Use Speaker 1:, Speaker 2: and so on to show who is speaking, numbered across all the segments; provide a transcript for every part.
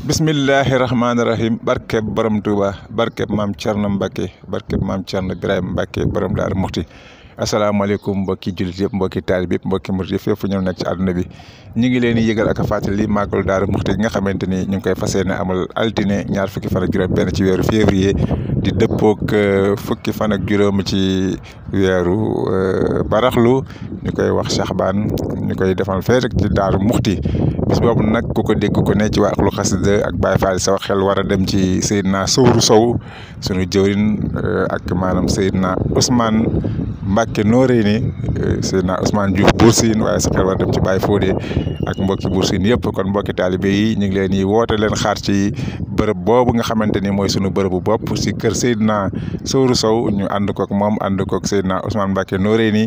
Speaker 1: bismillahi rahmaani rahim barkeb borom Touba barkeb maam Thierno Mbacke barkeb maam Thierno Birahim Mbacke borom daar Muxti asalaamaaleykum mbokki jullit yëpp mbokki taalib yëpp mbokki murit yëpp fépp fu ñu nekk ci àdduna bi ñu ngi leen di yëgal ak a fàttali daar Daaru Muxti nga xamante ni ñu ngi koy fas yéene amal altine ñaar fukki fan ak juróom benn ci weeru février di dëppook euh, fukki fan ak juróom ci weeru euh, baraxlu ñu koy wax Saxbaan ñu koy defal fee rek ci Daaru Muxti bis boobu nag ku ko dégg ne ci waa axlu xasida ak Baye Fall saw xel war a dem ci Seydina Sowru Sow sunu jëwrin eh, ak maanaam Seydina Ousmane Mbacke nooree ni eh, Seydina Ousmane Diouf Buur Siin waaye sa xel war dem ci Baye Fodé ak mbokki Buur Siin yëpp kon mbokki taalibe yi ñu ngi leen di woote leen xaar ci bërëb boobu nga xamante ni mooy sunu bërëbu bopp si kër Seydina Sowru Sow ñu ànd kook moom ànd kook Seydina Ousmane Mbacke nooree ni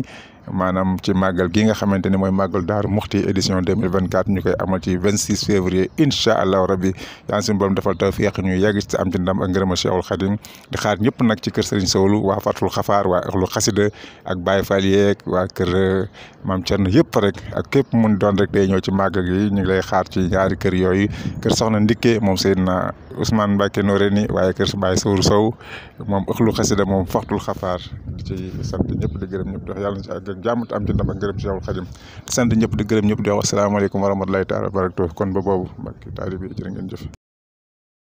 Speaker 1: maanaam ci màggal gi nga xamante ne mooy màggal Daaru Muxti édition 2024 ñu koy amal ci 26 février incha allahu rabbi yaa ngi suñu borom defal tawfiq ñu yegg ci am ci ndam ak ngërëma Cheikhul Khadim di xaar ñëpp nag ci kër Serigne Sowlu waa Fatul Xafaar wa Axlu Xasida ak Baye Fall yeeg waa kër euh, Maam Thierno yëpp rek ak képp mun doon rek day ñëw ci màggal gi ñu ngi lay xaar ci ñaari kër yooyu kër Soxna Ndikke moom Seydina Ousmane Mbacke Noreyni waaye kër Baye Sowru Sow moom Axlu Xasida moom Fatul Xafaar ci sant ñëpp di gërëm ñëpp di wax yàlla na ci am ci ñëpp di gërëm ñëpp di wax asalaamaaleykum wa rahmatulahi taala wa barakatuh kon ba boobu mbokki taalibe yi ngeen jëf